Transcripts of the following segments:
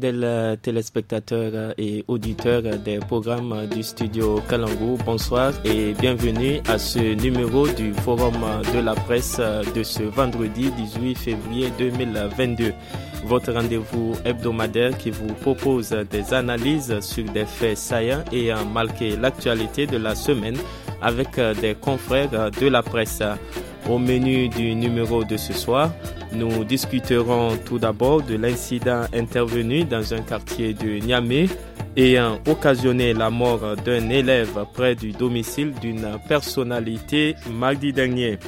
fidèles euh, téléspectateurs euh, et auditeurs euh, des programmes du studio Kalangu, bonsoir et bienvenue à ce numéro du Forum de la presse de ce vendredi 18 février 2022. Votre rendez-vous hebdomadaire qui vous propose des analyses sur des faits saillants et a marqué l'actualité de la semaine avec des confrères de la presse. Au menu du numéro de ce soir, nous discuterons tout d'abord de l'incident intervenu dans un quartier de Niamey ayant occasionné la mort d'un élève près du domicile d'une personnalité mardi dernier.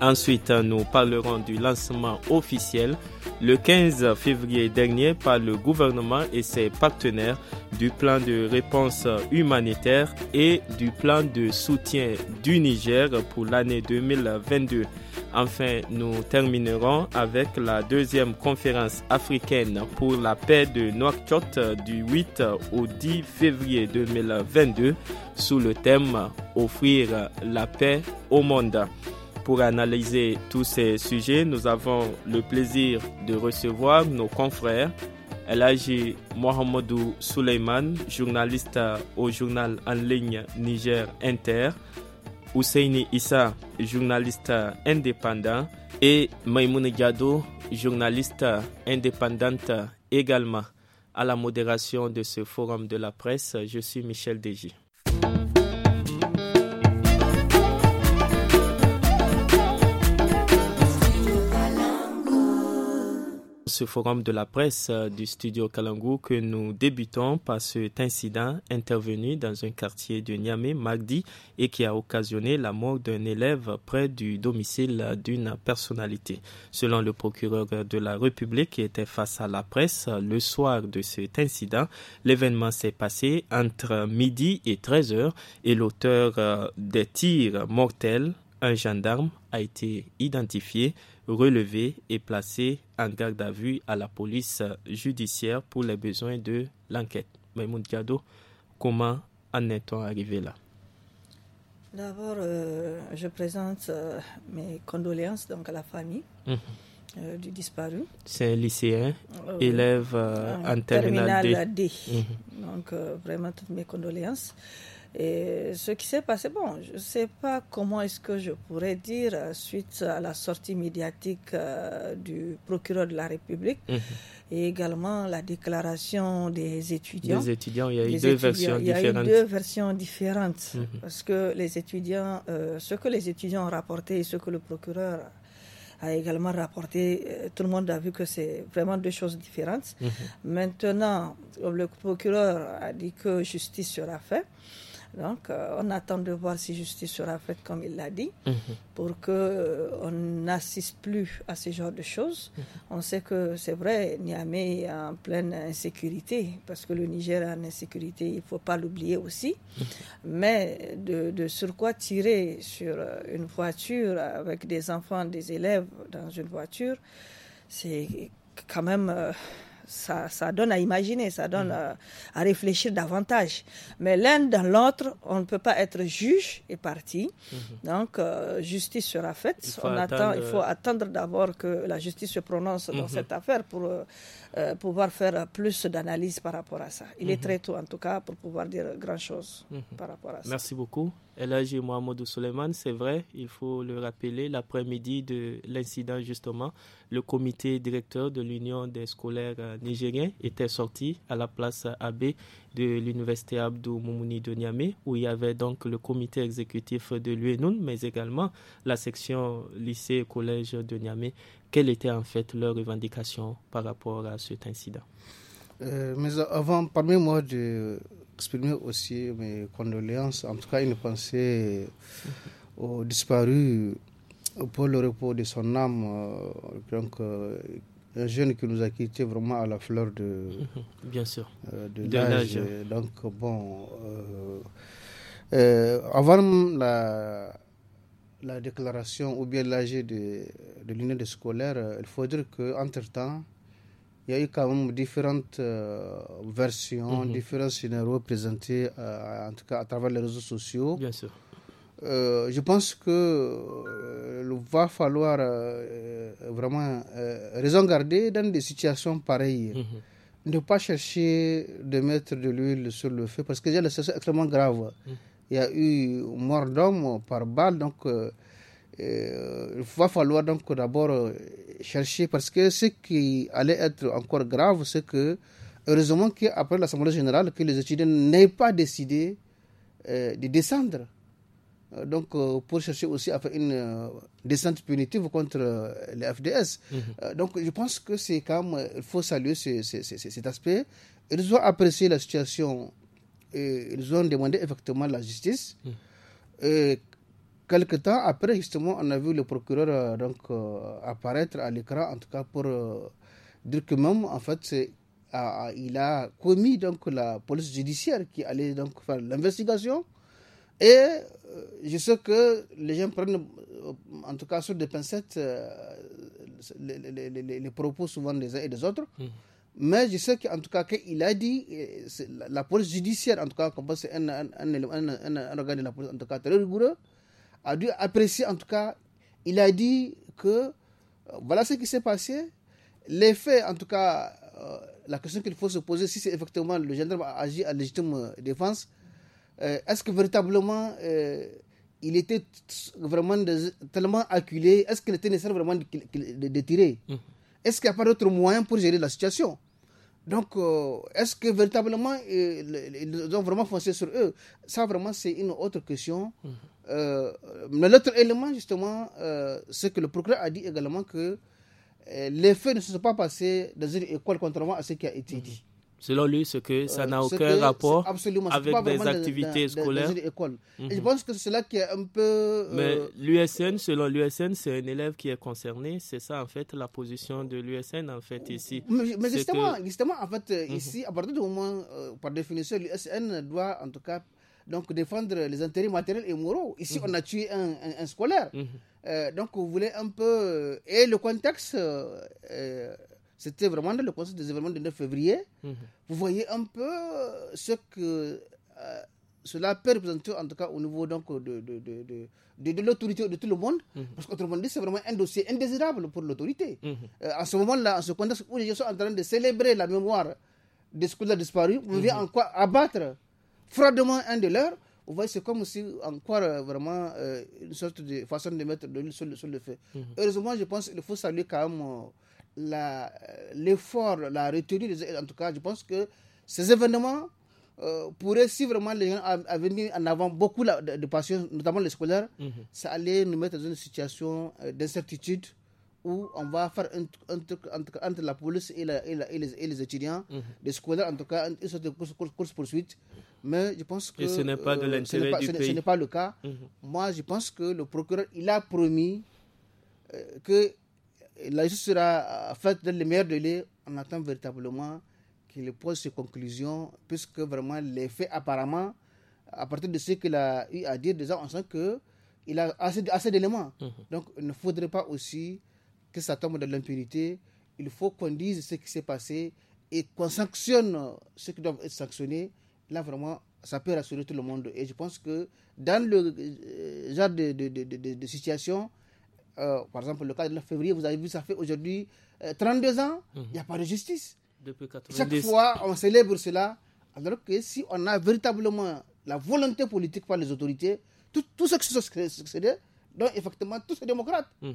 Ensuite, nous parlerons du lancement officiel le 15 février dernier par le gouvernement et ses partenaires du plan de réponse humanitaire et du plan de soutien du Niger pour l'année 2022. Enfin, nous terminerons avec la deuxième conférence africaine pour la paix de Nouakchott du 8 au 10 février 2022 sous le thème Offrir la paix au monde pour analyser tous ces sujets, nous avons le plaisir de recevoir nos confrères Mohamedou Souleyman, journaliste au journal en ligne Niger Inter, Ousseini Issa, journaliste indépendant, et Maïmoune Gado, journaliste indépendante également. À la modération de ce forum de la presse, je suis Michel Deji. ce forum de la presse euh, du studio Kalangu que nous débutons par cet incident intervenu dans un quartier de Niamey mardi et qui a occasionné la mort d'un élève près du domicile d'une personnalité. Selon le procureur de la République qui était face à la presse euh, le soir de cet incident, l'événement s'est passé entre midi et 13 heures et l'auteur euh, des tirs mortels un gendarme a été identifié, relevé et placé en garde à vue à la police judiciaire pour les besoins de l'enquête. Mahmoud Gado, comment en est-on arrivé là D'abord, euh, je présente euh, mes condoléances donc, à la famille mhm. euh, du disparu. C'est un lycéen, élève en, terminale D. Mhm. Donc, vraiment toutes mes condoléances. Et ce qui s'est passé, bon, je ne sais pas comment est-ce que je pourrais dire euh, suite à la sortie médiatique euh, du procureur de la République mhm. et également la déclaration des étudiants. Des étudiants, il y a eu, deux versions, il y a eu deux versions différentes. Mhm. Parce que les étudiants, euh, ce que les étudiants ont rapporté et ce que le procureur a également rapporté, tout le monde a vu que c'est vraiment deux choses différentes. Mhm. Maintenant, le procureur a dit que justice sera faite. Donc, euh, on attend de voir si justice sera faite, comme il l'a dit, mhm. pour que euh, on n'assiste plus à ce genre de choses. Mhm. On sait que c'est vrai, Niamey est en pleine insécurité, parce que le Niger est en insécurité, il ne faut pas l'oublier aussi. Mhm. Mais de, sur quoi tirer sur euh, une voiture avec des enfants, des élèves dans une voiture, c'est quand même ça, donne à imaginer, ça donne mm. à, réfléchir davantage. Mais l'un dans l'autre, on ne peut pas être juge et parti. Mm-hmm. Donc, euh, justice sera faite. On il faut euh, attendre d'abord que la justice se prononce dans mm-hmm. cette affaire pour euh, pouvoir faire plus d'analyse par rapport à ça. Il est mm-hmm. très tôt, en tout cas, pour pouvoir dire grand-chose par rapport à ça. Merci beaucoup. L.A.G. Mohamedou Soleiman, c'est vrai, il faut le rappeler, l'après-midi de l'incident, justement, le comité directeur de l'Union des scolaires euh, nigériens était sorti à la place AB de l'Université Abdou Moumouni de Niamey, où il y avait donc le comité exécutif de l'UENUN, mais également la section lycée et collège de Niamey. Quelle était en fait leur revendication par rapport à cet incident euh, Mais avant, permettez moi de exprimer aussi mes condoléances, en tout cas une pensée euh, aux disparus euh, pour le repos de son âme. Euh, donc, un jeune qui nous a quittés vraiment à la fleur de, Bien sûr. de, l'âge. Donc, bon, avant la, la déclaration ou bien l'âge de, de l'union scolaire, il faudrait qu'entre-temps, il y a eu quand même différentes euh, versions, mhm. différents scénarios présentés, euh, en tout cas à travers les réseaux sociaux. Bien sûr. Euh, je pense que va falloir vraiment raison garder dans des situations pareilles. Mhm. Ne pas chercher de mettre de l'huile sur le feu parce que déjà la situation est extrêmement grave. Mhm. Il y a eu mort d'homme par balle, donc euh, il va falloir donc d'abord euh, chercher parce que ce qui allait être encore grave, c'est que heureusement qu'après l'Assemblée générale, que les étudiants n'aient pas décidé euh, de descendre. Donc, pour chercher aussi à faire une descente punitive contre les FDS. Mhm. donc, je pense que c'est quand même, il faut saluer ce, cet aspect. Ils ont apprécié la situation et ils ont demandé effectivement la justice. Mhm. Quelque temps après, justement, on a vu le procureur euh, donc, euh, apparaître à l'écran, en tout cas pour euh, dire que même, en fait, c'est il a commis donc la police judiciaire qui allait donc faire l'investigation. Et je sais que les gens prennent, en tout cas sur des pincettes, les, propos souvent des uns et des autres. Mmh. Mais je sais qu'en tout cas, il a dit, la, police judiciaire, en tout cas, comme c'est un, organe de la police, en tout cas, très rigoureux, a dû apprécier en tout cas, il a dit que euh, voilà ce qui s'est passé. l'effet faits, en tout cas, euh, la question qu'il faut se poser, si c'est effectivement le gendarme a agi à légitime euh, défense, est-ce que véritablement il était vraiment tellement acculé Est-ce qu'il était nécessaire vraiment de, tirer mmh. Est-ce qu'il n'y a pas d'autre moyen pour gérer la situation donc, euh, est-ce que véritablement, euh, ils ont vraiment foncé sur eux Ça, vraiment, c'est une autre question. Euh, mais l'autre élément, justement, c'est que le procureur a dit également que les faits ne se sont pas passés dans une école, contrairement à ce qui a été dit. Selon lui, ce que ça euh, n'a aucun rapport avec des activités scolaires. Mhm. Je pense que c'est là qui est un peu. Euh, mais l'USN, selon l'USN, c'est un élève qui est concerné. C'est ça, en fait, la position de l'USN, en fait, ici. Mais, justement, justement, en fait, euh, mhm. ici, à partir du moment, par définition, l'USN doit, en tout cas, donc défendre les intérêts matériels et moraux. Ici, mhm. on a tué un, un, scolaire. donc, vous voulez un peu. Et le contexte c'était vraiment dans le contexte des événements du 9 février. Mhm. Vous voyez un peu euh, ce que euh, cela peut représenter, en tout cas au niveau donc, de, de, de, de, l'autorité de tout le monde. Mhm. Parce qu'autrement dit, c'est vraiment un dossier indésirable pour l'autorité. à mhm. euh, en ce moment-là, en ce contexte où les gens sont en train de célébrer la mémoire de qui a disparu, on vient encore abattre froidement un de leurs. Vous voyez, c'est comme si encore vraiment une sorte de façon de mettre sur, le feu. Heureusement, je pense qu'il faut saluer quand même l'effort, la, retenue, en tout cas, je pense que ces événements euh, pourraient, si vraiment les gens avaient mis en avant beaucoup de, patients, notamment les scolaires, mhm. ça allait nous mettre dans une situation euh, d'incertitude où on va faire un, truc entre, la police et, les, étudiants, des mhm. les scolaires, en tout cas, une sorte de course, poursuite. Mais je pense que. Et ce n'est pas de euh, l'intérêt Ce n'est pas le cas. Mhm. Moi, je pense que le procureur, il a promis que la justice sera euh, faite dans les meilleurs délais. On attend véritablement qu'il pose ses conclusions, puisque vraiment les faits apparemment, à partir de ce qu'il a eu à dire, déjà on sent qu'il a assez, assez d'éléments. Mhm. Donc il ne faudrait pas aussi que ça tombe dans l'impunité. Il faut qu'on dise ce qui s'est passé et qu'on sanctionne ceux qui doivent être sanctionnés. Là vraiment, ça peut rassurer tout le monde. Et je pense que dans le euh, genre de situation, euh, par exemple, le cas de février, vous avez vu, ça fait aujourd'hui 32 euh, ans, il n'y a pas de justice. Depuis Chaque fois, on célèbre cela, alors que si on a véritablement la volonté politique par les autorités, tout, ce qui se donc effectivement, tous ces démocrates. Mhm.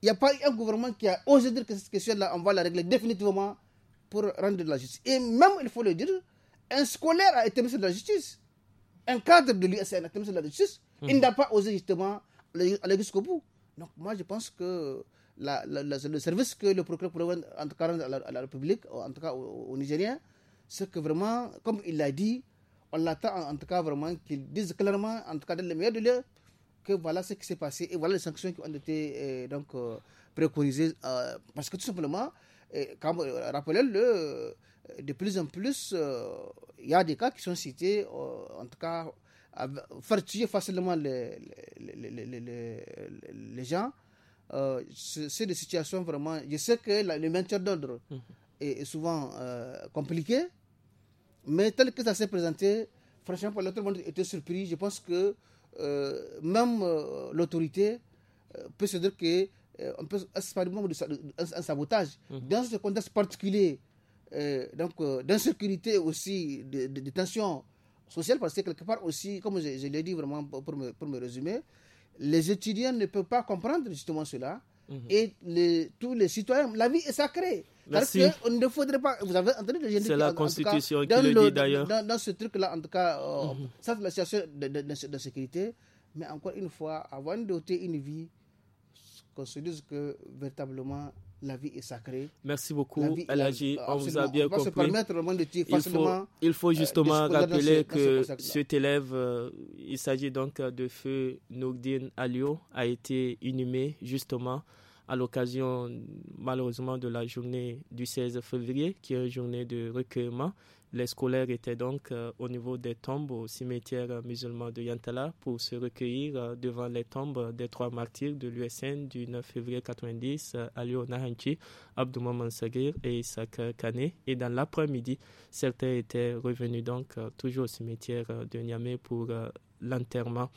Il n'y a pas un gouvernement qui a osé dire que cette question-là, on va la régler définitivement pour rendre de la justice. Et même, il faut le dire, un scolaire a été ministre de la justice. Un cadre de l'USN a été ministre de la justice. Il mhm. n'a pas osé justement aller jusqu'au bout. Donc moi je pense que le service que le procureur pourrait rendre en tout cas à la, République, en tout cas aux, Nigériens, c'est que vraiment, comme il l'a dit, on l'attend en, tout cas vraiment qu'il dise clairement, en tout cas dans le meilleur de l'heure, que voilà ce qui s'est passé et voilà les sanctions qui ont été euh, donc euh, préconisées. Euh, parce que tout simplement, comme rappelez-le, de plus en plus, il y a des cas qui sont cités, en tout cas faire tuer facilement les, les, gens. c'est des situations vraiment. Je sais que le maintien d'ordre mhm. est, souvent euh, compliqué, mais tel que ça s'est présenté, franchement, pour l'autre monde était surpris. Je pense que euh, même euh, l'autorité peut se dire que on peut un, sabotage. Mhm. Dans ce contexte particulier, donc d'insécurité aussi, de, de, social, parce que quelque part aussi, comme je, l'ai dit vraiment pour me, pour me, résumer, les étudiants ne peuvent pas comprendre justement cela. Mhm. Et les, tous les citoyens, la vie est sacrée. Parce que, on ne faudrait pas. Vous avez entendu le C'est la Constitution qui le, dit d'ailleurs. Dans, ce truc-là, en tout cas, euh, mhm. ça, c'est la situation de, sécurité. Mais encore une fois, avant de doter une vie, qu'on se dise que véritablement la vie est sacrée. Merci beaucoup, On vous a bien compris. il, faut, euh, justement rappeler que cet élève, euh, il s'agit donc de feu Nogdin Alio, a été inhumé justement à l'occasion malheureusement de la journée du 16 février, qui est une journée de recueillement les scolaires étaient donc euh, au niveau des tombes au cimetière euh, musulman de Yantala pour se recueillir euh, devant les tombes des trois martyrs de l'USN du 9 février 90, euh, Alio Nahanchi, et Isaac Kane. Et dans l'après-midi, certains étaient revenus donc toujours au cimetière de Niamey pour l'enterrement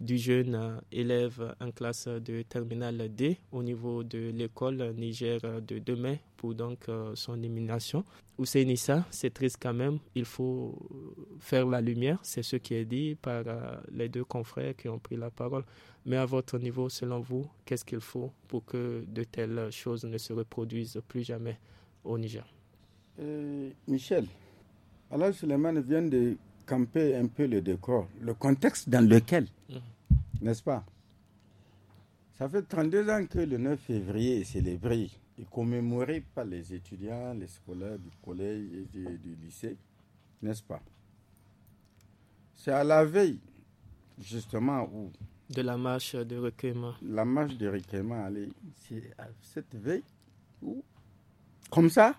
du jeune euh, élève en classe de terminale D au niveau de l'école Niger de demain pour donc euh, son élimination. Nissa, c'est triste quand même, il faut euh, faire la lumière, c'est ce qui est dit par les deux confrères qui ont pris la parole. Mais à votre niveau, selon vous, qu'est-ce qu'il faut pour que de telles choses ne se reproduisent plus jamais au Niger Michel, alors Suleiman vient de camper un peu le décor, le contexte dans lequel, mm-hmm. n'est-ce pas Ça fait 32 ans que le 9 février est célébré et commémoré par les étudiants, les scolaires du collège et du, lycée, n'est-ce pas C'est à la veille, justement, où... De la marche de recueillement. La marche de recueillement, allez, c'est à cette veille où, comme ça,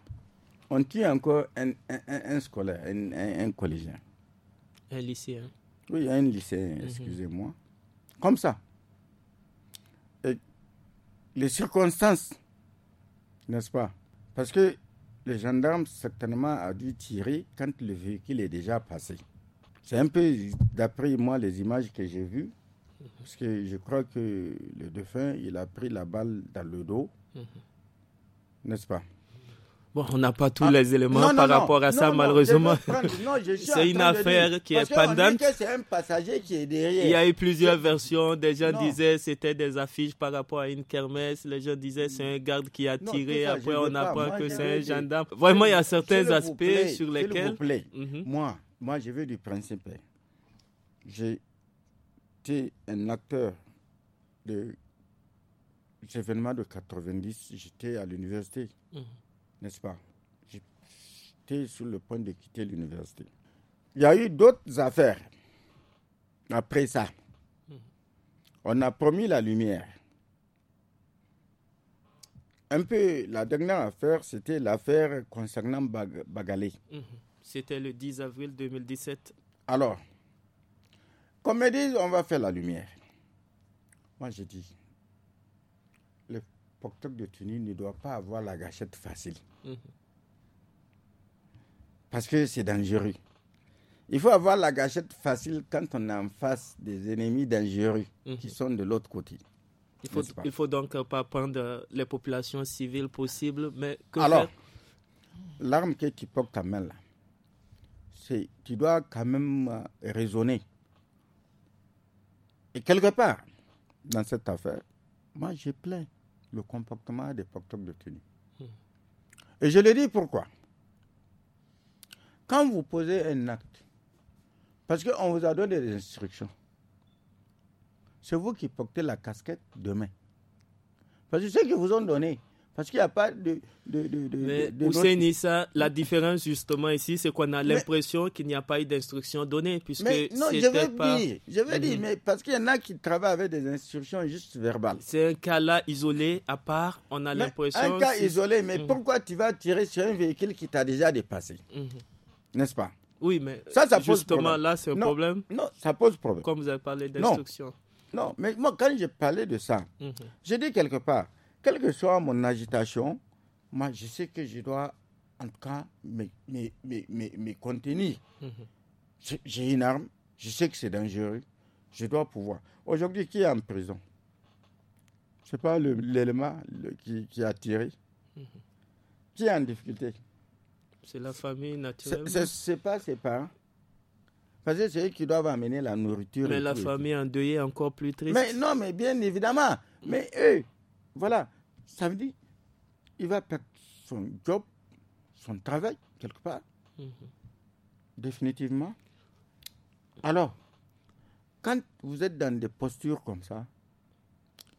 on tue encore un scolaire, un collégien. Un lycéen. Oui, un lycée. Mhm. excusez-moi. Comme ça. les circonstances, n'est-ce pas Parce que le gendarme, certainement, a dû tirer quand le véhicule est déjà passé. C'est un peu, d'après moi, les images que j'ai vues. Parce que je crois que le défunt, il a pris la balle dans le dos. Mhm. N'est-ce pas Bon, on n'a pas tous ah. les éléments par rapport à ça, malheureusement. C'est une affaire qui est pendante. Il y a eu plusieurs versions. Des gens disaient c'était des affiches par rapport à une kermesse. Les gens disaient c'est un garde qui a tiré. Après, on apprend pas que c'est un gendarme. Vraiment, il y a certains aspects sur lesquels. Vous plaît. Mhm. Moi, moi, je veux du principe. j'étais un acteur de événements de 90. J'étais à l'université. Mhm n'est-ce pas J'étais sur le point de quitter l'université. Il y a eu d'autres affaires après ça. On a promis la lumière. Un peu, la dernière affaire, c'était l'affaire concernant Bagalé. Mhm. C'était le 10 avril 2017. Alors, comme ils disent, on va faire la lumière. Moi, j'ai dit, porteur de tenue ne doit pas avoir la gâchette facile. Mmh. Parce que c'est dangereux. Il faut avoir la gâchette facile quand on est en face des ennemis dangereux mmh. qui sont de l'autre côté. Il faut, faut donc pas prendre les populations civiles possibles, mais que Alors, l'arme que tu portes à main là, c'est tu dois quand même euh, raisonner. Et quelque part, dans cette affaire, moi j'ai plein le comportement des porteurs de tenue. Hmm. Et je le dis pourquoi. Quand vous posez un acte, parce qu'on vous a donné des instructions, c'est vous qui portez la casquette demain. Parce que ceux qui vous ont donné, parce qu'il n'y a pas de. de, de, Mais de Hussein notre... la différence justement ici, c'est qu'on a l'impression qu'il n'y a pas eu d'instruction donnée. Puisque mais non, je veux dire, je mhm. dire, mais parce qu'il y en a qui travaillent avec des instructions juste verbales. C'est un cas là isolé, à part, on a l'impression. Un cas isolé, mais mhm. pourquoi tu vas tirer sur un véhicule qui t'a déjà dépassé mhm. N'est-ce pas Oui, mais ça, ça pose justement là, c'est un problème. Non, ça pose problème. Comme vous avez parlé d'instruction. non. mais moi, quand j'ai parlé de ça, j'ai dit quelque part quelle que soit mon agitation, moi, je sais que je dois, en tout cas, me, contenir. Mhm. J'ai une arme, je sais que c'est dangereux, je dois pouvoir. Aujourd'hui, qui est en prison Ce n'est pas l'élément qui, a tiré. Mhm. Qui est en difficulté C'est la famille naturelle. Ce n'est pas ses parents. Parce que c'est eux qui doivent amener la nourriture. Mais la famille endeuillée est encore plus triste. Mais non, mais bien évidemment. Mais eux, voilà, ça veut dire il va perdre son job, son travail, quelque part, mhm. définitivement. Alors, quand vous êtes dans des postures comme ça,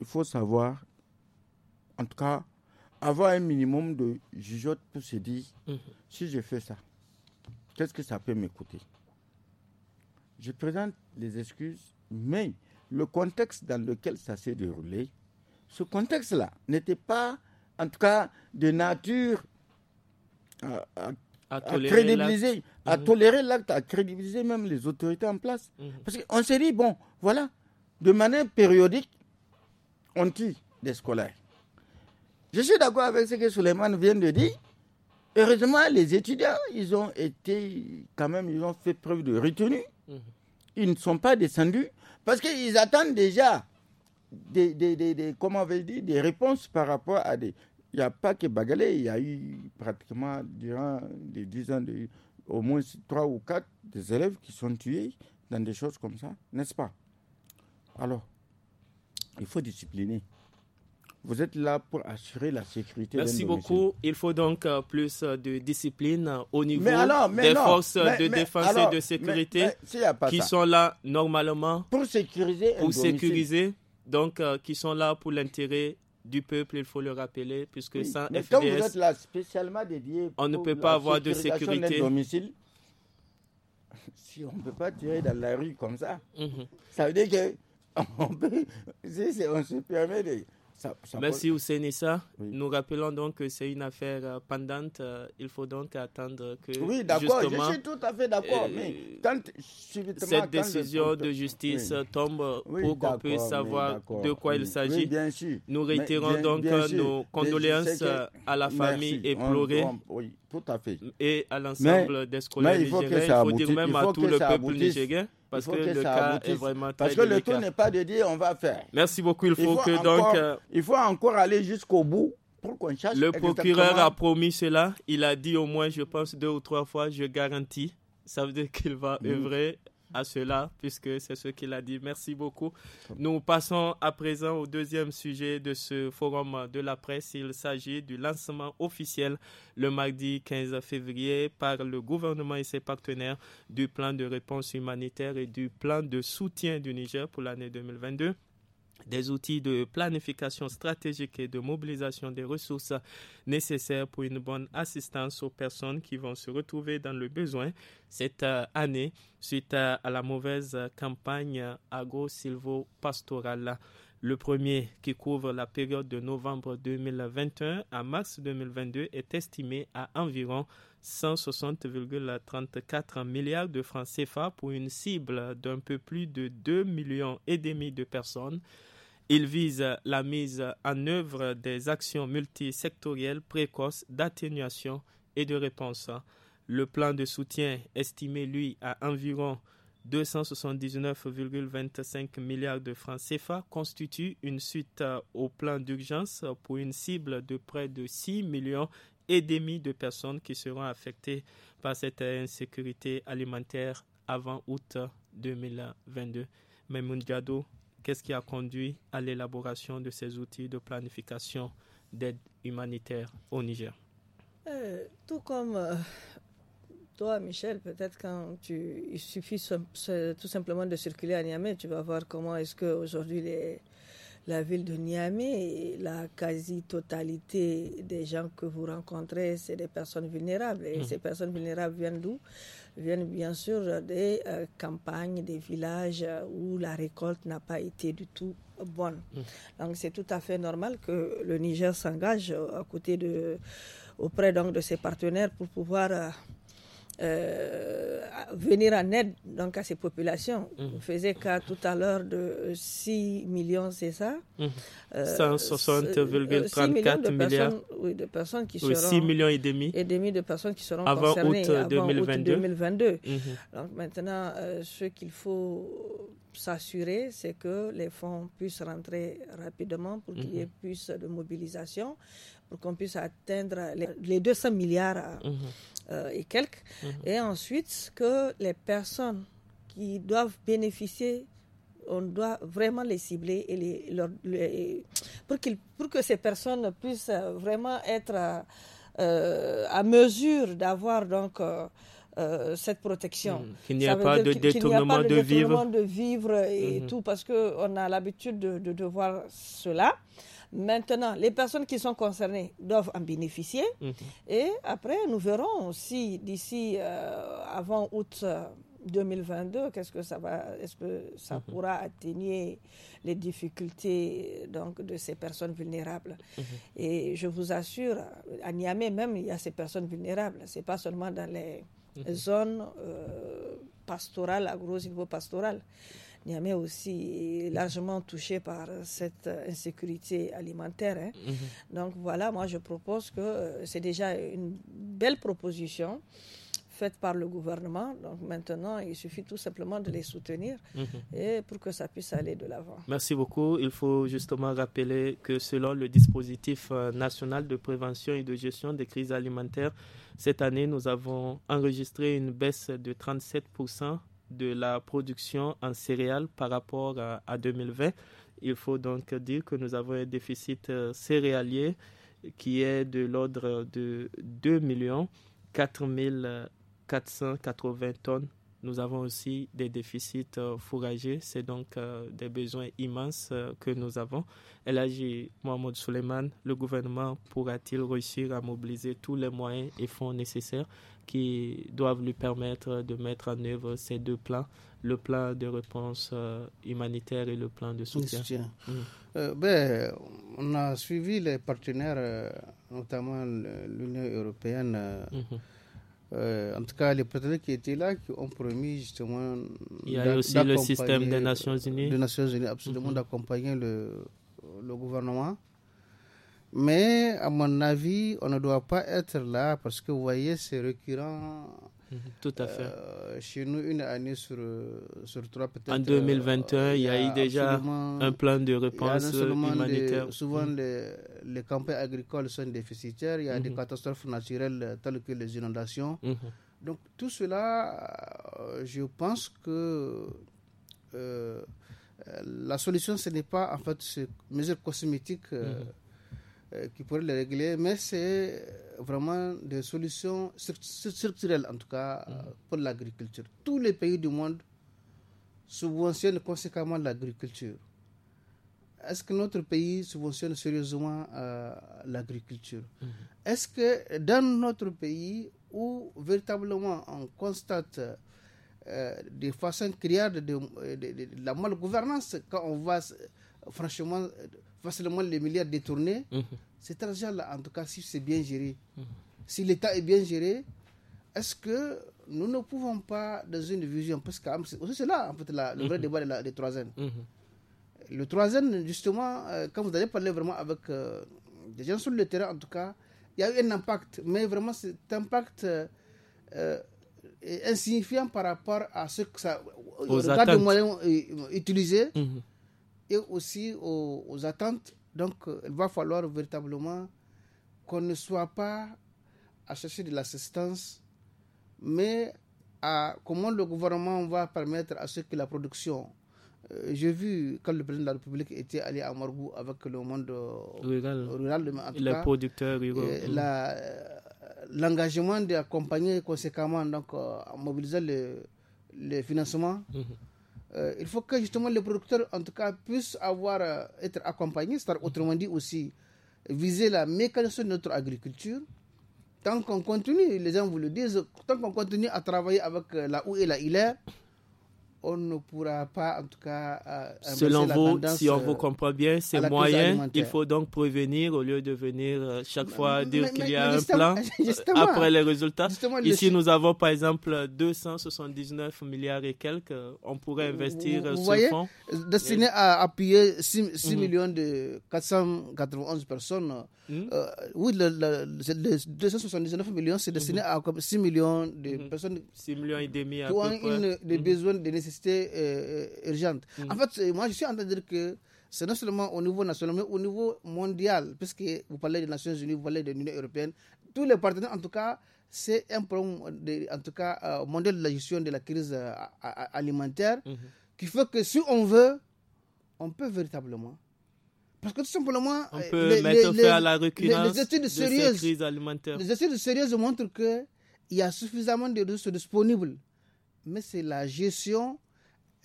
il faut savoir, en tout cas, avoir un minimum de jugeote pour se dire, mhm. si je fais ça, qu'est-ce que ça peut m'écouter Je présente les excuses, mais le contexte dans lequel ça s'est déroulé, ce contexte-là n'était pas, en tout cas, de nature à, crédibiliser, à mmh. tolérer l'acte, à crédibiliser même les autorités en place. Mmh. Parce qu'on s'est dit, bon, voilà, de manière périodique, on tue des scolaires. Je suis d'accord avec ce que Suleiman vient de dire. Heureusement, les étudiants, ils ont été, quand même, ils ont fait preuve de retenue. Mmh. Ils ne sont pas descendus parce qu'ils attendent déjà des, des, des, comment dire, des réponses par rapport à des. Il n'y a pas que Bagalé, il y a eu pratiquement durant des 10 ans, de, au moins 3 ou 4 des élèves qui sont tués dans des choses comme ça, n'est-ce pas Alors, il faut discipliner. Vous êtes là pour assurer la sécurité. Merci beaucoup. Il faut donc euh, plus euh, de discipline euh, au niveau des forces de défense et de sécurité qui sont là normalement pour sécuriser, pour sécuriser donc euh, qui sont là pour l'intérêt du peuple, il faut le rappeler, puisque sans FDS, vous êtes là spécialement dédié on ne peut pas avoir de sécurité. Domicile, si on ne peut pas tirer dans la rue comme ça, mhm. ça veut dire que on, peut, on se permet de Merci Ousé Ousenissa. Nous rappelons donc que c'est une affaire euh, pendante. Euh, il faut donc attendre que. Oui, d'accord, tout à euh, cette décision de justice tombe pour qu'on puisse savoir de quoi il s'agit. Nous réitérons donc nos condoléances à la famille éplorée. Et à l'ensemble des scolaires nigériens. Il faut, dire même à tout le peuple nigérien parce que, le cas est vraiment n'est pas de dire on va faire. Merci beaucoup. Il faut, que encore, donc. Euh, il faut encore aller jusqu'au bout. Pour qu'on cherche le procureur a promis cela. Il a dit au moins, je pense, deux ou trois fois, je garantis. Ça veut dire qu'il va mm. œuvrer à cela, puisque c'est ce qu'il a dit. Merci beaucoup. Nous passons à présent au deuxième sujet de ce forum de la presse. Il s'agit du lancement officiel le mardi 15 février par le gouvernement et ses partenaires du plan de réponse humanitaire et du plan de soutien du Niger pour l'année 2022 des outils de planification stratégique et de mobilisation des ressources nécessaires pour une bonne assistance aux personnes qui vont se retrouver dans le besoin cette euh, année suite euh, à la mauvaise campagne agro-silvo-pastorale. Le premier, qui couvre la période de novembre 2021 à mars 2022, est estimé à environ 160,34 milliards de francs CFA pour une cible d'un peu plus de 2 millions et demi de personnes il vise la mise en œuvre des actions multisectorielles précoces d'atténuation et de réponse. Le plan de soutien, estimé lui à environ 279,25 milliards de francs CFA, constitue une suite euh, au plan d'urgence pour une cible de près de 6 millions et demi de personnes qui seront affectées par cette insécurité alimentaire avant août 2022. Mais Qu'est-ce qui a conduit à l'élaboration de ces outils de planification d'aide humanitaire au Niger euh, Tout comme euh, toi, Michel, peut-être quand il suffit tout simplement de circuler à Niamey, tu vas voir comment est-ce qu'aujourd'hui les la ville de Niamey, la quasi-totalité des gens que vous rencontrez, c'est des personnes vulnérables. Et mhm. ces personnes vulnérables viennent d'où Viennent bien sûr des euh, campagnes, des villages euh, où la récolte n'a pas été du tout bonne. Mhm. Donc c'est tout à fait normal que le Niger s'engage euh, à côté de, auprès donc de ses partenaires pour pouvoir euh, venir en aide donc à ces populations. Mmh. On faisait qu'à tout à l'heure de 6 millions, c'est ça 160,34 mmh. euh, milliards. Oui, de personnes qui 6 millions et demi. Et demi de personnes qui seront avant concernées août avant 2022. août 2022. Mmh. Donc maintenant, euh, ce qu'il faut s'assurer, c'est que les fonds puissent rentrer rapidement pour qu'il y ait plus de mobilisation, pour qu'on puisse atteindre les, les 200 milliards euh, et quelques. Mhm. Et ensuite, que les personnes qui doivent bénéficier on doit vraiment les cibler et les, pour, pour, que ces personnes puissent vraiment être euh, à, mesure d'avoir donc euh, cette protection. Mhm. Qu'il n'y a, pas de détournement de, vivre. de vivre et mhm. tout, parce qu'on a l'habitude de, de, de, voir cela. Maintenant, les personnes qui sont concernées doivent en bénéficier. Mhm. Et après, nous verrons si d'ici euh, avant août 2022, euh, qu'est-ce que ça va, est-ce que ça mhm. pourra atténuer les difficultés donc de ces personnes vulnérables. Mhm. Et je vous assure, à Niamey même, il y a ces personnes vulnérables. C'est pas seulement dans les zones euh, pastorales, à gros niveau pastoral. Niamey aussi largement touché par cette insécurité alimentaire. Hein. Mhm. Donc voilà, moi je propose que euh, c'est déjà une belle proposition faite par le gouvernement. Donc maintenant, il suffit tout simplement de les soutenir mhm. et pour que ça puisse aller de l'avant. Merci beaucoup. Il faut justement rappeler que selon le dispositif euh, national de prévention et de gestion des crises alimentaires, cette année, nous avons enregistré une baisse de 37% de la production en céréales par rapport à, 2020. Il faut donc dire que nous avons un déficit euh, céréalier qui est de l'ordre de 2 millions 4 480 euh, tonnes nous avons aussi des déficits euh, fourragers, c'est donc euh, des besoins immenses euh, que nous avons. Et là, Mohamed Souleyman, le gouvernement pourra-t-il réussir à mobiliser tous les moyens et fonds nécessaires qui doivent lui permettre de mettre en œuvre ces deux plans, le plan de réponse humanitaire et le plan de soutien. Mm. Ben, on a suivi les partenaires, notamment l'Union européenne, mhm. Euh, en tout cas les partenaires qui étaient là, qui ont promis justement. Il y a aussi le système des Nations Unies. Des Nations Unies, absolument, mm d'accompagner le, le, gouvernement. Mais à mon avis, on ne doit pas être là parce que vous voyez, c'est récurrent tout à fait. Euh, chez nous, une année sur, trois, peut-être. En 2021, euh, il y a, eu déjà un plan de réponse humanitaire. souvent, mm. les, campagnes agricoles sont déficitaires. Il y a des mm-hmm. catastrophes naturelles telles que les inondations. Mm-hmm. Donc, tout cela, euh, je pense que la solution, ce n'est pas en fait ces mesures cosmétiques. Mm-hmm. Euh, qui pourrait les régler, mais c'est euh, vraiment des solutions structurelles, en tout cas, euh, mhm. pour l'agriculture. Tous les pays du monde subventionnent conséquemment l'agriculture. Est-ce que notre pays subventionne sérieusement l'agriculture mhm. Est-ce que dans notre pays, où véritablement on constate euh, de façon criarde de, de, de, de, la malgouvernance, quand on va franchement facilement les milliards détournés. c'est mhm. Cet argent-là, en tout cas, si c'est bien géré, si l'État est bien géré, est-ce que nous ne pouvons pas, dans une vision, parce que ah, c'est là, en fait, le vrai mhm. débat des mhm. Le troisième, justement, euh, quand vous allez parler vraiment avec euh, des gens sur le terrain, en tout cas, il y a eu un impact, mais vraiment cet impact euh, est insignifiant par rapport à ce que ça, au regard moyens utilisés, et aussi aux, attentes. Donc, euh, il va falloir véritablement qu'on ne soit pas à chercher de l'assistance, mais à comment le gouvernement va permettre à ce que la production. Euh, j'ai vu quand le président de la République était allé à Morgou avec le monde euh, rural, en tout les producteurs L'engagement d'accompagner conséquemment, donc en mobilisant le, financement. Mhm. Euh, il faut que justement les producteurs, en tout cas, puissent avoir, euh, être accompagnés, c'est-à-dire autrement dit aussi, viser la mécanisation de notre agriculture. Tant qu'on continue, les gens vous le disent, tant qu'on continue à travailler avec euh, la OU et la est on ne pourra pas, en tout cas, euh, selon vous, si on vous comprend bien, euh, ces moyens, il faut donc prévenir au lieu de venir euh, chaque fois dire qu'il y a un plan après les résultats. Ici, nous avons par exemple 279 milliards et quelques. On pourrait investir vous, ce fonds destiné à appuyer 6, mhm. millions de 491 personnes. Mhm. oui, le, 279 millions, c'est destiné mhm. à 6 millions de personnes. 6 millions et demi à qui des besoins, des nécessité euh, urgente. Mm. En fait, moi, je suis en train de dire que c'est non seulement au niveau national, mais au niveau mondial, puisque vous parlez des Nations Unies, vous parlez de l'Union Européenne, tous les partenaires, en tout cas, c'est un problème, en tout cas, euh, mondial de la gestion de la crise euh, alimentaire, mm-hmm. qui fait que si on veut, on peut véritablement parce que tout simplement, on peut les, mettre fin à la études sérieuses, crise alimentaire. Les études sérieuses montrent qu'il y a suffisamment de ressources disponibles, mais c'est la gestion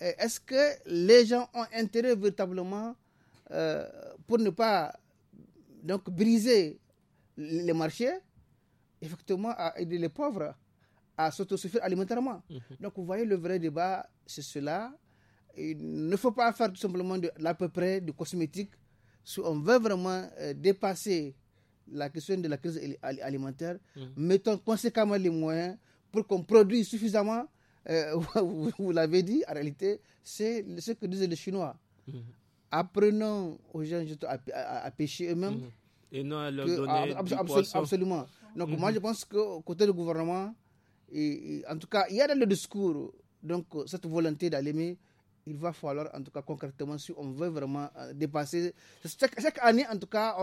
est-ce que les gens ont intérêt véritablement euh, pour ne pas donc briser les marchés, effectivement, à aider les pauvres à s'autosuffire alimentairement. Mhm. Donc, vous voyez, le vrai débat, c'est cela. Il ne faut pas faire tout simplement de, à peu près du cosmétique. Si on veut vraiment euh, dépasser la question de la crise alimentaire, mettant mhm. mettons conséquemment les moyens pour qu'on produise suffisamment euh, vous, l'avez dit, en réalité, c'est ce que disent les Chinois. Mhm. Apprenons aux gens à, pêcher eux-mêmes. Mhm. Et non à leur donner ah, Absolument. Donc moi, mhm. je pense que côté du gouvernement, et, en tout cas, il y a dans le discours donc, cette volonté d'aller il va falloir, en tout cas, concrètement, si on veut vraiment euh, dépasser. Chaque, année, en tout cas,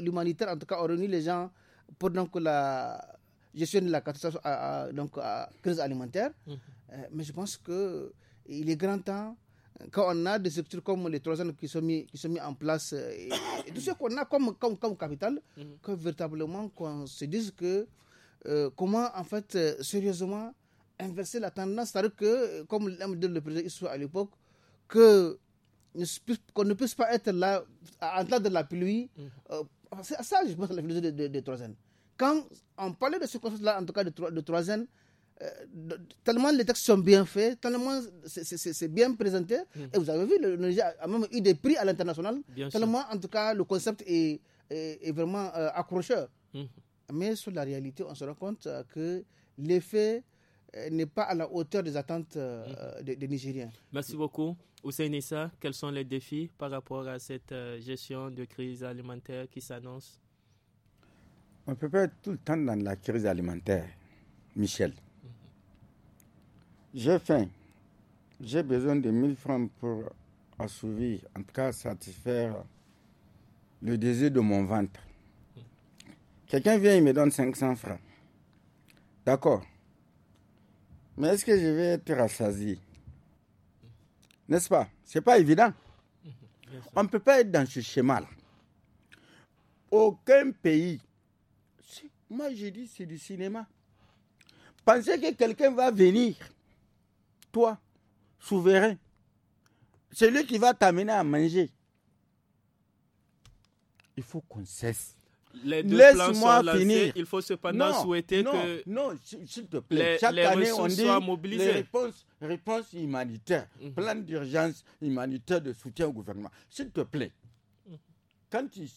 l'humanitaire, en tout cas, on réunit les gens pour que la, gestion de la catastrophe, à, donc crise alimentaire. Mhm. Euh, mais je pense que il est grand temps quand on a des structures comme les trois ans qui sont mis, qui sont mis en place euh, et, tout ce qu'on a comme, comme, capital, mhm. que véritablement qu'on se dise que euh, comment en fait sérieusement inverser la tendance, c'est-à-dire que comme de le président à l'époque, que qu'on ne puisse pas être là en train de la pluie. C'est mhm. ça, je pense, la philosophie des trois ans quand on parlait de ce concept-là, en tout cas de, de troisième, euh, tellement les textes sont bien faits, tellement c'est bien présenté, hmm. et vous avez vu, le, Niger a même eu des prix à l'international, tellement en tout cas le concept est, vraiment euh, accrocheur. Hmm. Mais sur la réalité, on se rend compte euh, que l'effet n'est pas à la hauteur des attentes hmm. des, Nigériens. Merci beaucoup. Hussein Issa, quels sont les défis par rapport à cette gestion de crise alimentaire qui s'annonce on ne peut pas être tout le temps dans la crise alimentaire, Michel. J'ai faim. J'ai besoin de 1000 francs pour assouvir, en tout cas satisfaire le désir de mon ventre. Quelqu'un vient, et me donne 500 francs. D'accord. Mais est-ce que je vais être rassasié N'est-ce pas C'est pas évident. On ne peut pas être dans ce schéma-là. Aucun pays moi, je dis, c'est du cinéma. Pensez que quelqu'un va venir, toi, souverain, celui qui va t'amener à manger. Il faut qu'on cesse. Laisse-moi finir. Il faut cependant non, souhaiter non, que. Non, s'il te plaît. Chaque année, on dit les réponses, réponses humanitaires, mhm. plan d'urgence humanitaire de soutien au gouvernement. S'il te plaît, quand tu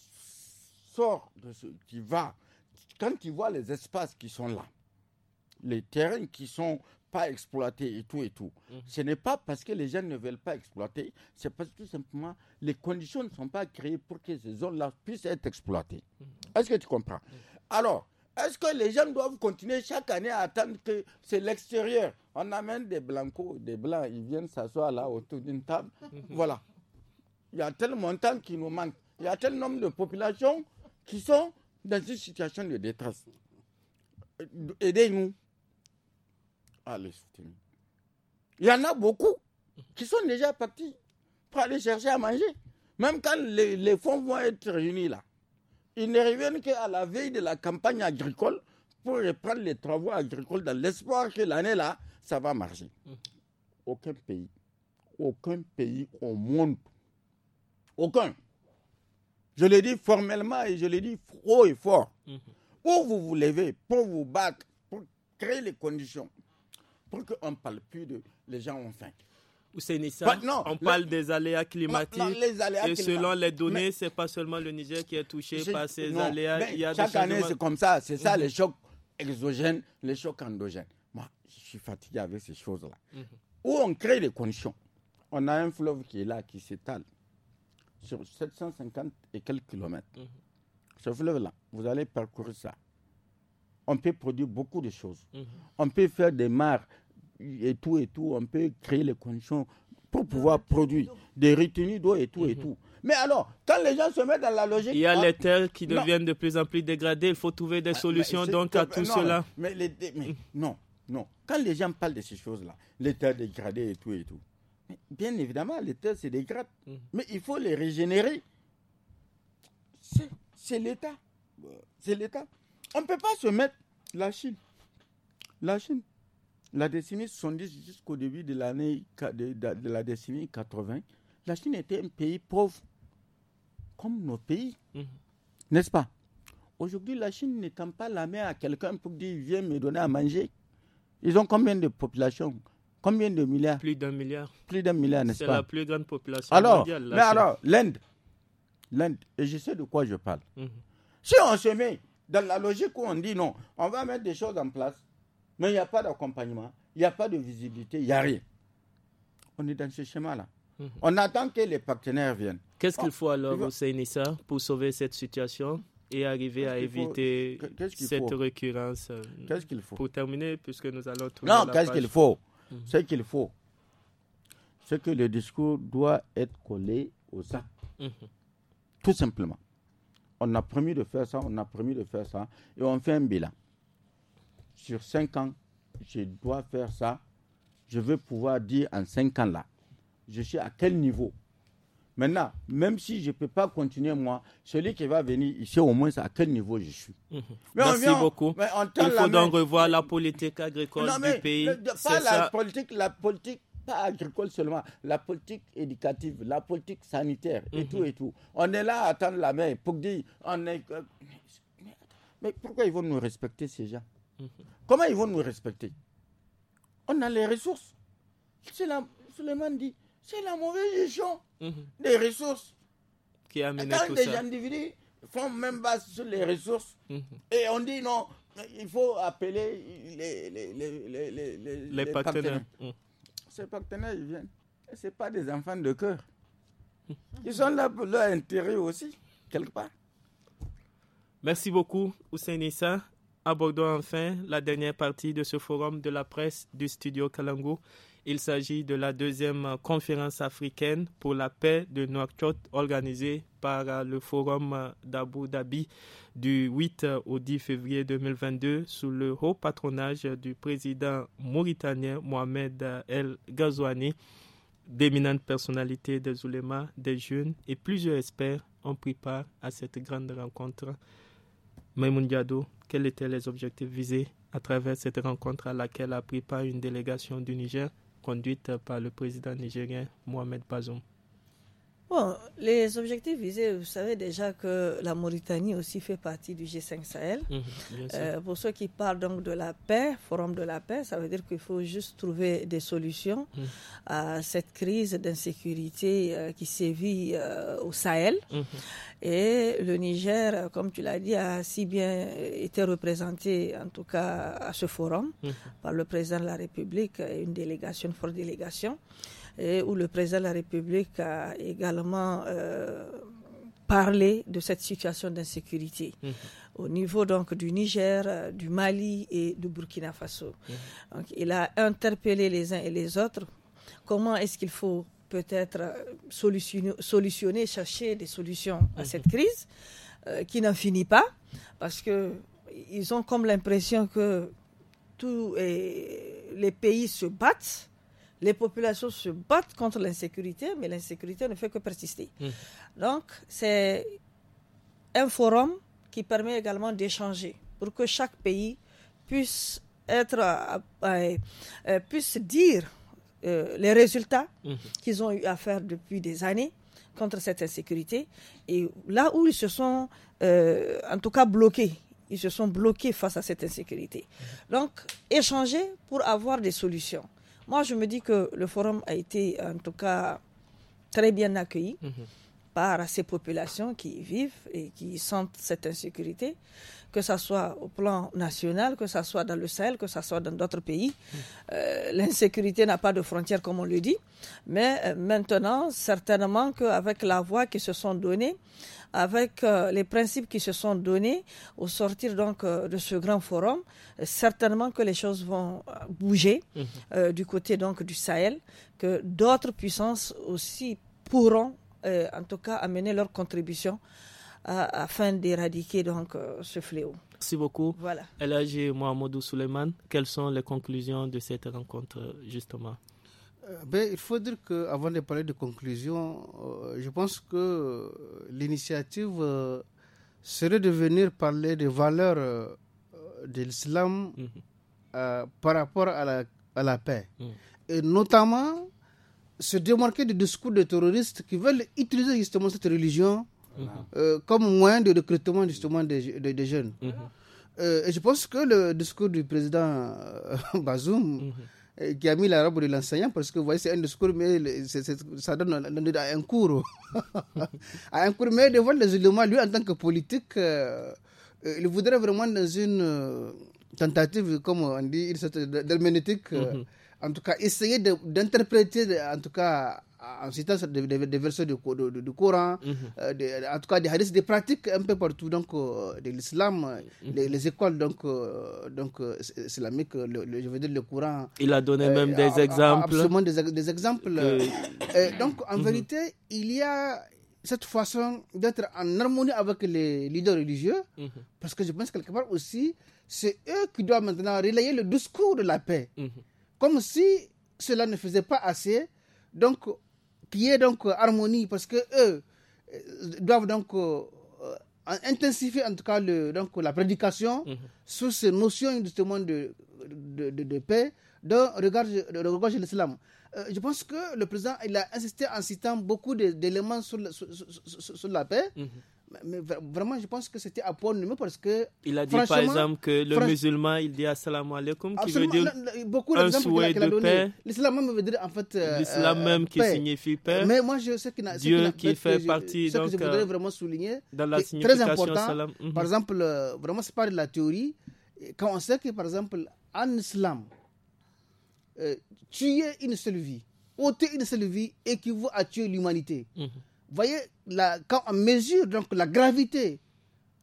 sors de ce. Tu vas quand tu vois les espaces qui sont là, les terrains qui sont pas exploités et tout et tout, mhm. ce n'est pas parce que les gens ne veulent pas exploiter, c'est parce que tout simplement les conditions ne sont pas créées pour que ces zones-là puissent être exploitées. Mhm. Est-ce que tu comprends mhm. Alors, est-ce que les gens doivent continuer chaque année à attendre que c'est l'extérieur On amène des blancs, des blancs, ils viennent s'asseoir là autour d'une table. voilà. Il y a tel montant qui nous manque. Il y a tel nombre de populations qui sont dans une situation de détresse. Euh, aidez-nous à ah, Il y en a beaucoup qui sont déjà partis pour aller chercher à manger. Même quand les, les fonds vont être réunis là, ils ne reviennent qu'à la veille de la campagne agricole pour reprendre les travaux agricoles dans l'espoir que l'année là, ça va marcher. Mm. Aucun pays, aucun pays au monde, aucun je le dis formellement et je le dis haut et fort. Mhm. Où vous vous levez, pour vous battre, pour créer les conditions, pour qu'on ne parle plus de les gens ont faim. Nissa, c'est bah, on parle des aléas climatiques. et selon les données, ce n'est pas seulement le Niger qui est touché par ces aléas. chaque année, c'est comme ça. C'est ça, mhm. les chocs exogènes, les chocs endogènes. Moi, je suis fatigué avec ces choses-là. Mhm. Où on crée les conditions. On a un fleuve qui est là, qui s'étale sur 750 et quelques kilomètres. Mhm. Ce fleuve-là, vous allez parcourir ça. On peut produire beaucoup de choses. Mhm. On peut faire des mares et tout et tout. On peut créer les conditions pour pouvoir produire des retenues d'eau et tout et mhm. tout. Mais alors, quand les gens se mettent dans la logique. Il y a ah, les terres qui deviennent de plus en plus dégradées. Il faut trouver des ah, solutions donc à tout cela. Mais, les, mais non, non. Quand les gens parlent de ces choses-là, les terres dégradées et tout et tout, Bien évidemment, les terres se dégradent, hum. mais il faut les régénérer. C'est l'État. C'est l'État. On ne peut pas se mettre la Chine. La Chine, la décennie 70 jusqu'au début de l'année de, la décennie 80, la Chine était un pays pauvre, comme nos pays, hum. n'est-ce pas Aujourd'hui, la Chine n'étend pas la main à quelqu'un pour dire viens me donner à manger. Ils ont combien de populations Combien de milliards Plus d'un milliard. Plus d'un milliard, n'est-ce pas C'est la plus grande population mondiale. mais alors, l'Inde, l'Inde, et je sais de quoi je parle. Mhm. Si on se met dans la logique où on dit non, on va mettre des choses en place, mais il n'y a pas d'accompagnement, il n'y a pas de visibilité, il n'y a rien. On est dans ce schéma-là. Mhm. On attend que les partenaires viennent. Qu'est-ce qu'il oh, faut alors, au Nissa, pour sauver cette situation et arriver à éviter cette récurrence euh, Qu'est-ce qu'il faut Pour terminer, puisque nous allons tourner Non, qu'est-ce qu'il faut Mhm. Ce qu'il faut, c'est que le discours doit être collé au sac. Mhm. Tout simplement. On a promis de faire ça, on a promis de faire ça, et on fait un bilan. Sur cinq ans, je dois faire ça. Je veux pouvoir dire en cinq ans là, je suis à quel niveau Maintenant, même si je ne peux pas continuer, moi, celui qui va venir, il sait au moins à quel niveau je suis. Mhm. Merci beaucoup. il faut donc revoir la politique agricole du pays. pas la politique, la politique pas agricole seulement, la politique éducative, la politique sanitaire et mhm. tout et tout. On est là à attendre la main pour dire, on est... Mais pourquoi ils vont nous respecter ces gens mhm. Comment ils vont nous respecter On a les ressources. C'est la... Suleiman dit, c'est la mauvaise gestion mhm. des ressources. Qui Quand des individus font même base sur les ressources mhm. et on dit non, il faut appeler les, les, partenaires. Mhm. Ces partenaires, ils viennent. Ce pas des enfants de cœur. Ils sont là pour leur intérêt aussi, quelque part. Merci beaucoup, Hussein Nissa. Abordons enfin la dernière partie de ce forum de la presse du studio Kalangou. Il s'agit de la deuxième conférence africaine pour la paix de Nouakchott organisée par le Forum d'Abu Dhabi du 8 au 10 février 2022 sous le haut patronage du président mauritanien Mohamed El Ghazouani. D'éminentes personnalité des oulémas, des jeunes et plusieurs experts ont pris part à cette grande rencontre. Maïmoun Diado, quels étaient les objectifs visés à travers cette rencontre à laquelle a pris part une délégation du Niger conduite par le président nigérien Mohamed Bazoum. Bon, les objectifs visés, vous savez déjà que la Mauritanie aussi fait partie du G5 Sahel. Mhm, euh, pour ceux qui parlent donc de la paix, forum de la paix, ça veut dire qu'il faut juste trouver des solutions mhm. à cette crise d'insécurité euh, qui sévit euh, au Sahel. Mhm. Et le Niger, comme tu l'as dit, a si bien été représenté, en tout cas à ce forum, par le président de la République et une délégation, une forte délégation où le président de la République a également euh, parlé de cette situation d'insécurité mm-hmm. au niveau donc du Niger, euh, du Mali et du Burkina Faso. Mm-hmm. il a interpellé les uns et les autres. Comment est-ce qu'il faut peut-être euh, solutionner, chercher des solutions à mm-hmm. cette crise qui n'en finit pas parce que ils ont comme l'impression que tous les pays se battent les populations se battent contre l'insécurité, mais l'insécurité ne fait que persister. Mmh. Donc, c'est un forum qui permet également d'échanger pour que chaque pays puisse être euh, euh, euh, puisse dire les résultats mmh. qu'ils ont eu à faire depuis des années contre cette insécurité et là où ils se sont en tout cas bloqués ils se sont bloqués face à cette insécurité mmh. donc échanger pour avoir des solutions moi, je me dis que le forum a été, en tout cas, très bien accueilli mhm. par ces populations qui vivent et qui sentent cette insécurité, que ce soit au plan national, que ce soit dans le Sahel, que ce soit dans d'autres pays. Mhm. Euh, l'insécurité n'a pas de frontières, comme on le dit. Mais euh, maintenant, certainement qu'avec la voix qui se sont données, avec euh, les principes qui se sont donnés au sortir donc euh, de ce grand forum. Certainement que les choses vont euh, bouger mhm. du côté donc du Sahel, que d'autres puissances aussi pourront en tout cas amener leur contribution afin d'éradiquer donc ce fléau. Merci beaucoup. Voilà. j'ai Mohamedou Suleiman, quelles sont les conclusions de cette rencontre justement euh, ben, il faut dire qu'avant de parler de conclusion, euh, je pense que euh, l'initiative serait de venir parler des valeurs de l'islam mhm. par rapport à la, à la paix. Mhm. Et notamment se démarquer des discours des terroristes qui veulent utiliser justement cette religion mhm. comme moyen de recrutement justement des, des jeunes. et je pense que le discours du président Bazoum eh, qui a mis la robe de l'enseignant parce que vous voyez, c'est un discours, mais ça donne un cours. à un cours, mais devant les éléments, lui, en tant que politique, euh, euh, il voudrait vraiment dans une euh, tentative, comme on dit, une mm-hmm. en tout cas, essayer d'interpréter, en tout cas, ah, en citant des, versets du, de, Coran, mhm. euh, en tout cas des hadiths, des pratiques un peu partout donc, euh, de l'islam, euh, mhm. les, écoles donc, donc, islamiques, le, je veux dire le Coran. Il a donné même des exemples. Absolument des, exemples. donc en mhm. vérité, il y a cette façon d'être en harmonie avec les leaders religieux, parce que je pense quelque part aussi, c'est eux qui doivent maintenant relayer le discours de la paix. Comme si cela ne faisait pas assez. Donc, est donc euh, Harmonie parce que eux euh, doivent donc euh, intensifier en tout cas le, donc, la prédication mhm. sur ces notions justement de, de, paix dans regard de l'islam. je pense que le président il a insisté en citant beaucoup d'éléments sur, sur, la paix. Mhm mais vraiment, je pense que c'était à point nommé parce que. Il a dit par exemple que le musulman, il dit assalamu alaikum, qui veut dire beaucoup un souhait de paix. L'islam même veut dire en fait. Euh, L'islam même euh, qui signifie paix. Mais moi, je sais que. Dieu qui fait partie. Ce que je voudrais euh, vraiment souligner. Dans la signification, très important. Mhm. Par exemple, vraiment, c'est pas de la théorie. Quand on sait que, par exemple, en islam, tuer une seule vie, ôter une seule vie équivaut à tuer l'humanité. Mhm voyez, la, quand on mesure donc la gravité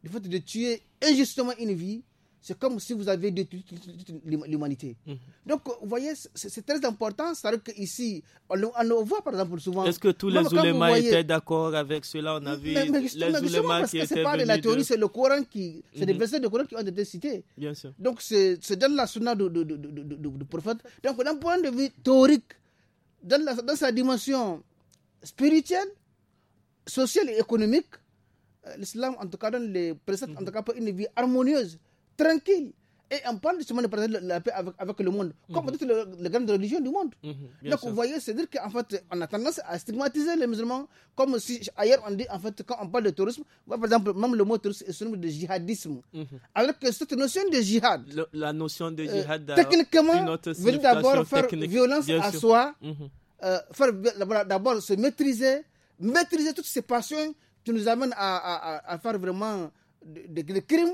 du fait de tuer injustement une vie, c'est comme si vous avez détruit toute l'humanité. Mhm. Donc, vous voyez, c'est très important. C'est-à-dire qu'ici, on, on, voit par exemple souvent. Est-ce que tous les oulémas étaient d'accord avec cela On a vu les oulémas qui étaient. pas la théorie, c'est le Coran qui. C'est des mhm. versets du Coran qui ont été cités. Bien sûr. Donc, c'est dans la sunna du, prophète. Donc, d'un point de vue théorique, dans, la, dans sa dimension spirituelle, sociale et économique, euh, l'islam, en tout cas, donne les préceptes, en tout cas, pour une vie harmonieuse, tranquille. Et on parle justement de la paix avec, avec le monde, comme toutes mhm. les grandes religions du monde. Mhm, Donc, vous voyez, c'est-à-dire qu'en fait, on a tendance à stigmatiser les musulmans, comme si ailleurs on dit, en fait, quand on parle de tourisme, par exemple, même le mot tourisme est synonyme de jihadisme. Mhm. Alors que cette notion de jihad, la notion de euh, jihad, techniquement, veut d'abord faire violence à soi, euh, faire d'abord se maîtriser, maîtriser toutes ces passions qui nous amènent à, à, faire vraiment des de, crimes,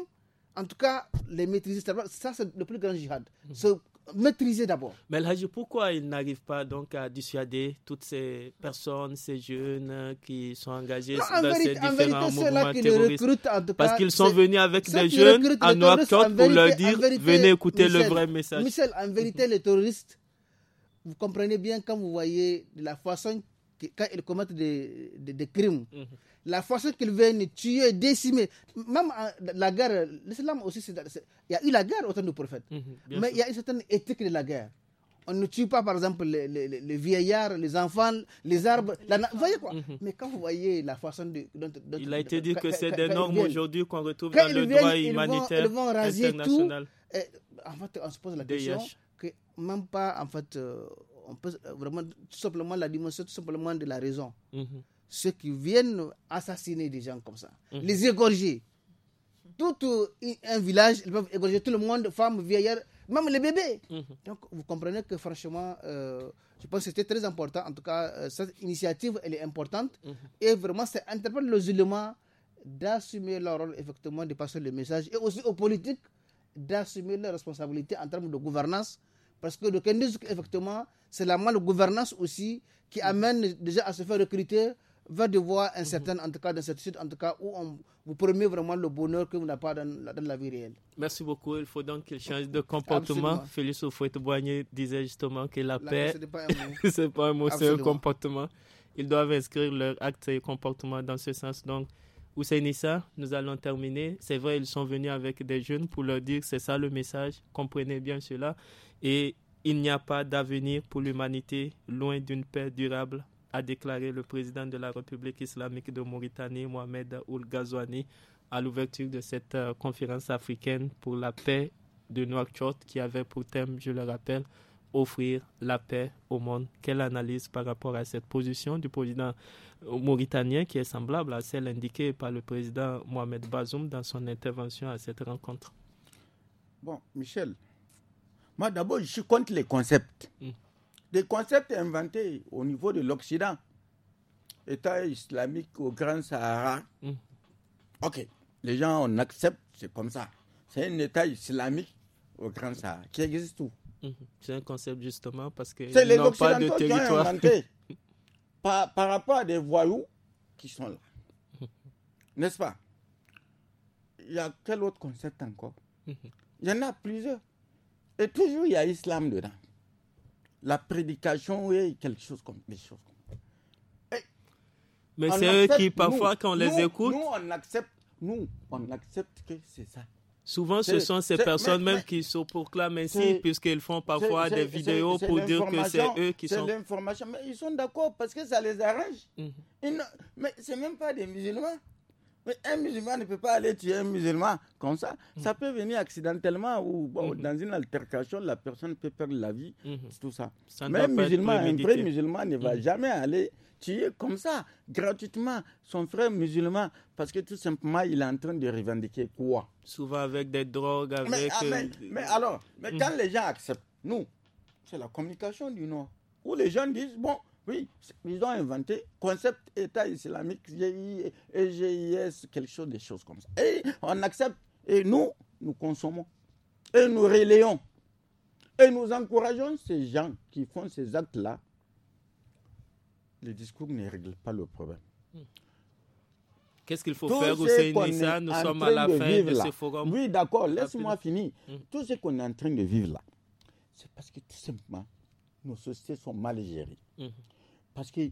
en tout cas, les maîtriser, ça c'est le plus grand jihad. Mhm. Maîtriser d'abord. Mais pourquoi il n'arrive pas donc à dissuader toutes ces personnes, ces jeunes euh, qui sont engagés dans ces différents mouvements terroristes Parce qu'ils sont venus avec des jeunes à pour leur dire venez écouter le vrai message. Michel, en vérité, mhm. les terroristes, vous comprenez bien quand vous voyez la façon quand ils commettent des, des, crimes, mhm. la façon qu'ils viennent tuer, décimer, même euh, la guerre, l'islam aussi, il y a eu la guerre au temps du prophète, mhm, mais il y a une certaine éthique de la guerre. On ne tue pas, par exemple, les, les, vieillards, les enfants, les arbres. la, vous voyez quoi mhm. Mais quand vous voyez la façon de, dont, Il a été dit que c'est des normes aujourd'hui qu'on retrouve dans le droit humanitaire ils vont, ils vont raser Tout, en fait, on se pose la question que même pas, en fait... Euh, on peut euh, vraiment tout simplement la dimension tout simplement de la raison. Mhm. Ceux qui viennent assassiner des gens comme ça, mhm. les égorger. Tout un village, ils peuvent égorger tout le monde, femmes, vieillards, même les bébés. Mhm. Donc vous comprenez que franchement, euh, je pense que c'était très important. En tout cas, euh, cette initiative, elle est importante. Et vraiment, c'est interpelle les éléments d'assumer leur rôle, effectivement, de passer le message. Et aussi aux politiques d'assumer leurs responsabilités en termes de gouvernance. Parce que le de effectivement, c'est la gouvernance aussi qui mm. amène déjà à se faire recruter vers devoir un certain mm-hmm. en tout cas d'incertitude, en tout cas où on vous promet vraiment le bonheur que vous n'avez pas dans, la vie réelle. Merci beaucoup. Il faut donc qu'il change de comportement. Félix Oufouette-Boigny disait justement que la, paix, c'est pas un mot, c'est un comportement. Ils doivent inscrire leur acte et comportement dans ce sens. Donc, Nissa, nous allons terminer. C'est vrai, ils sont venus avec des jeunes pour leur dire c'est ça le message, comprenez bien cela. Et il n'y a pas d'avenir pour l'humanité loin d'une paix durable, a déclaré le président de la République islamique de Mauritanie, Mohamed Oul Ghazouani, à l'ouverture de cette euh, conférence africaine pour la paix de Nouakchott qui avait pour thème, je le rappelle, offrir la paix au monde. Quelle analyse par rapport à cette position du président mauritanien qui est semblable à celle indiquée par le président Mohamed Bazoum dans son intervention à cette rencontre Bon, Michel, moi, d'abord, je suis contre les concepts. Mm. Des concepts inventés au niveau de l'Occident. État islamique au Grand Sahara. Mm. Ok, les gens, on accepte, c'est comme ça. C'est un État islamique au Grand Sahara qui existe où mm. C'est un concept justement parce que. C'est les n'ont de territoire. Qui inventé par, par rapport à des voyous qui sont là. Mm-hmm. N'est-ce pas Il y a quel autre concept encore mm-hmm. Il y en a plusieurs toujours, il y a l'islam dedans. La prédication, oui, quelque chose comme des choses Mais c'est eux qui, parfois, quand on les écoute. Nous, on accepte, nous, on accepte que c'est ça. Souvent, ce sont ces personnes même qui se proclament ainsi, puisqu'ils font parfois des vidéos pour dire que c'est eux qui sont. C'est l'information, mais ils sont d'accord parce que ça les arrange. Mm mais ce même pas des musulmans. Mais un musulman ne peut pas aller tuer un musulman comme ça. Ça mm. peut venir accidentellement ou mm-hmm. dans une altercation, la personne peut perdre la vie, mm-hmm. tout ça. Mais un musulman, un vrai musulman ne va mm-hmm. jamais aller tuer comme ça, gratuitement, son frère musulman, parce que tout simplement, il est en train de revendiquer quoi Souvent avec des drogues, avec... Ah, mais, euh, mais, alors, mais quand mm. les gens acceptent, nous, c'est la communication du Nord, où les gens disent, bon, oui, ils ont inventé concept État islamique, GIS, quelque chose, des choses comme ça. Et on accepte, et nous, nous consommons, et nous relayons, et nous encourageons ces gens qui font ces actes-là. Le discours ne règle pas le problème. Hmm. Qu'est-ce qu'il faut faire, Hussein Nous sommes à la fin de ce forum. Oui, d'accord, laisse-moi finir. Hmm. Tout ce qu'on est en train de vivre là, c'est parce que tout simplement, nos sociétés sont mal gérées. Mhm. Parce que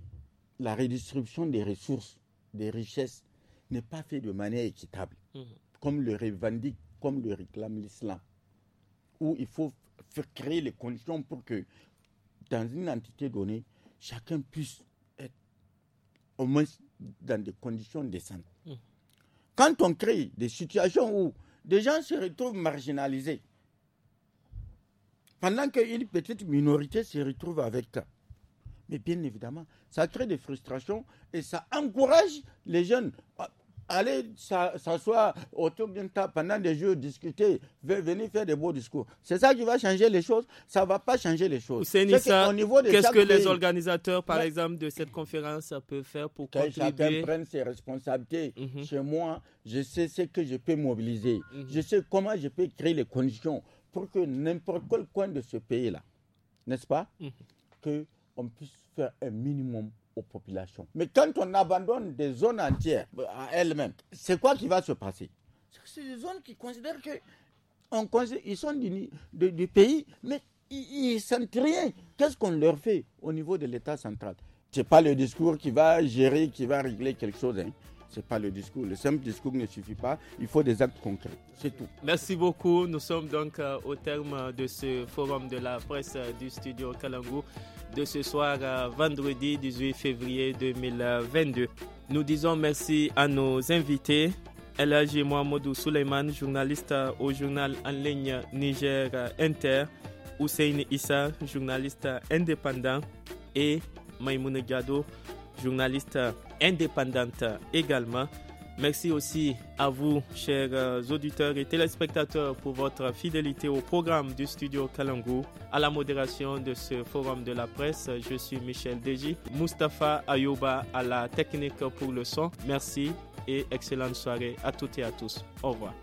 la redistribution des ressources, des richesses, n'est pas faite de manière équitable, mhm. comme le revendique, comme le réclame l'islam. Où il faut créer les conditions pour que, dans une entité donnée, chacun puisse être au moins dans des conditions décentes. Mhm. Quand on crée des situations où des gens se retrouvent marginalisés, pendant qu'une petite minorité se retrouve avec ça. Mais bien évidemment, ça crée des frustrations et ça encourage les jeunes à aller s'asseoir autour d'un table pendant des jours, discuter, venir faire des beaux discours. C'est ça qui va changer les choses. Ça ne va pas changer les choses. qu'est-ce que les organisateurs, par exemple, de cette conférence peuvent faire pour que contribuer chacun prenne ses responsabilités. Mhm. Chez moi, je sais ce que je peux mobiliser. Mhm. Je sais comment je peux créer les conditions pour que n'importe quel coin de ce pays-là, n'est-ce pas, mhm. que qu'on puisse faire un minimum aux populations. Mais quand on abandonne des zones entières à elles-mêmes, c'est quoi qui va se passer C'est des zones qui considèrent qu'ils sont du, pays, mais ils ne sentent rien. Qu'est-ce qu'on leur fait au niveau de l'État central Ce n'est pas le discours qui va gérer, qui va régler quelque chose. Hein n'est pas le discours. Le simple discours ne suffit pas. Il faut des actes concrets. C'est tout. Merci beaucoup. Nous sommes donc euh, au terme de ce forum de la presse euh, du studio Kalangou de ce soir, euh, vendredi 18 février 2022. Nous disons merci à nos invités. LAG Mohamedou Souleyman, journaliste au journal en ligne Niger Inter. Hussein Issa, journaliste indépendant. Et Maïmoune Gado, journaliste indépendant indépendante également. Merci aussi à vous, chers euh, auditeurs et téléspectateurs, pour votre fidélité au programme du studio Kalangou, à la modération de ce forum de la presse. Je suis Michel Deji, Mustapha Ayoba à la technique pour le son. Merci et excellente soirée à toutes et à tous. Au revoir.